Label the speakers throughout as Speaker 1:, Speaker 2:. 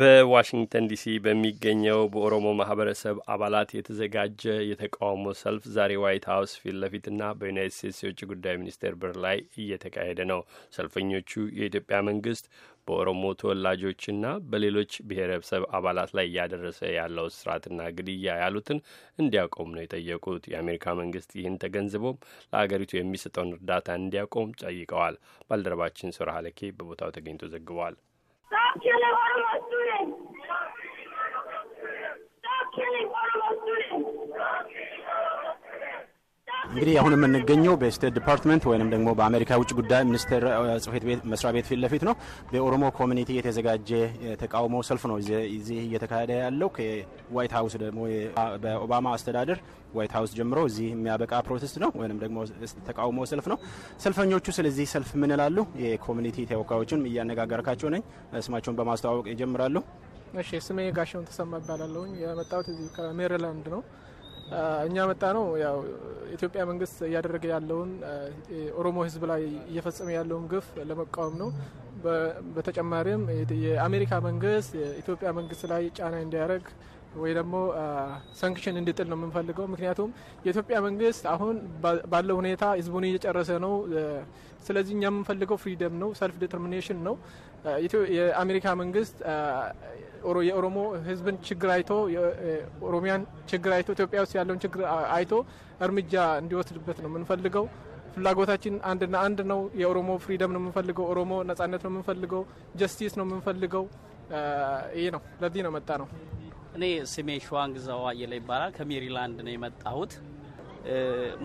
Speaker 1: በዋሽንግተን ዲሲ በሚገኘው በኦሮሞ ማህበረሰብ አባላት የተዘጋጀ የተቃውሞ ሰልፍ ዛሬ ዋይት ሀውስ ፊት ለፊትና በዩናይት ስቴትስ የውጭ ጉዳይ ሚኒስቴር በር ላይ እየተካሄደ ነው። ሰልፈኞቹ የኢትዮጵያ መንግስት በኦሮሞ ተወላጆችና በሌሎች ብሔረሰብ አባላት ላይ እያደረሰ ያለው እስራትና ግድያ ያሉትን እንዲያቆም ነው የጠየቁት። የአሜሪካ መንግስት ይህን ተገንዝቦም ለአገሪቱ የሚሰጠውን እርዳታ እንዲያቆም ጠይቀዋል። ባልደረባችን ሶራ ሀለኬ በቦታው ተገኝቶ ዘግቧል።
Speaker 2: popular or my students. እንግዲህ አሁን
Speaker 3: የምንገኘው በስቴት ዲፓርትመንት ወይም ደግሞ በአሜሪካ ውጭ ጉዳይ ሚኒስቴር ጽፈት ቤት መስሪያ ቤት ፊት ለፊት ነው። በኦሮሞ ኮሚኒቲ የተዘጋጀ ተቃውሞ ሰልፍ ነው እዚህ እየተካሄደ ያለው። ከዋይት ሀውስ ደግሞ በኦባማ አስተዳደር ዋይት ሀውስ ጀምሮ እዚህ የሚያበቃ ፕሮቴስት ነው ወይም ደግሞ ተቃውሞ ሰልፍ ነው። ሰልፈኞቹ ስለዚህ ሰልፍ ምን ይላሉ? የኮሚኒቲ ተወካዮችን እያነጋገርካቸው ነኝ። ስማቸውን በማስተዋወቅ ይጀምራሉ።
Speaker 4: እሺ፣ ስሜ ጋሻውን ተሰማ ይባላለሁኝ። የመጣሁት ከሜሪላንድ ነው። እኛ መጣ ነው ያው ኢትዮጵያ መንግስት እያደረገ ያለውን ኦሮሞ ህዝብ ላይ እየፈጸመ ያለውን ግፍ ለመቃወም ነው። በተጨማሪም የአሜሪካ መንግስት የኢትዮጵያ መንግስት ላይ ጫና እንዲያደርግ ወይ ደግሞ ሳንክሽን እንዲጥል ነው የምንፈልገው። ምክንያቱም የኢትዮጵያ መንግስት አሁን ባለው ሁኔታ ህዝቡን እየጨረሰ ነው። ስለዚህ እኛ የምንፈልገው ፍሪደም ነው፣ ሰልፍ ዲተርሚኔሽን ነው። የአሜሪካ መንግስት የኦሮሞ ህዝብን ችግር አይቶ የኦሮሚያን ችግር አይቶ ኢትዮጵያ ውስጥ ያለውን ችግር አይቶ እርምጃ እንዲወስድበት ነው የምንፈልገው። ፍላጎታችን አንድና አንድ ነው። የኦሮሞ ፍሪደም ነው የምንፈልገው። ኦሮሞ ነጻነት ነው የምንፈልገው። ጀስቲስ ነው የምንፈልገው። ይህ ነው። ለዚህ ነው መጣ ነው።
Speaker 2: እኔ ስሜ ሸዋንግዛው አየለ ይባላል። ከሜሪላንድ ነው የመጣሁት።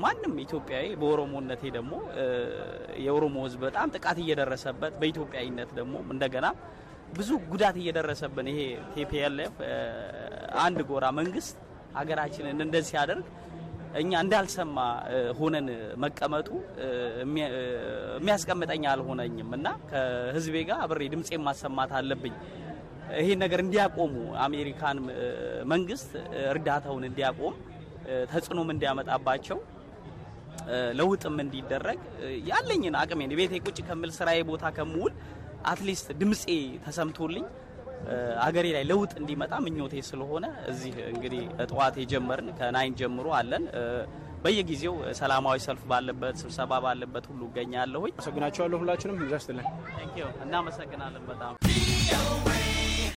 Speaker 2: ማንም ኢትዮጵያዊ በኦሮሞነቴ ደግሞ የኦሮሞ ሕዝብ በጣም ጥቃት እየደረሰበት በኢትዮጵያዊነት ደግሞ እንደገና ብዙ ጉዳት እየደረሰብን ይሄ ቲፒኤልኤፍ አንድ ጎራ መንግስት ሀገራችንን እንደዚህ ያደርግ እኛ እንዳልሰማ ሆነን መቀመጡ የሚያስቀምጠኝ አልሆነኝም እና ከህዝቤ ጋር አብሬ ድምፄ ማሰማት አለብኝ ይሄን ነገር እንዲያቆሙ አሜሪካን መንግስት እርዳታውን እንዲያቆም ተጽዕኖም እንዲያመጣባቸው ለውጥም እንዲደረግ ያለኝን አቅሜን ቤቴ ቁጭ ከምል ስራዬ ቦታ ከምውል አትሊስት ድምፄ ተሰምቶልኝ አገሬ ላይ ለውጥ እንዲመጣ ምኞቴ ስለሆነ እዚህ እንግዲህ ጠዋት የጀመርን ከናይን ጀምሮ አለን። በየጊዜው ሰላማዊ ሰልፍ ባለበት፣ ስብሰባ ባለበት ሁሉ እገኛለሁኝ። አመሰግናቸዋለሁ። ሁላችንም ይዛስትልን እናመሰግናለን በጣም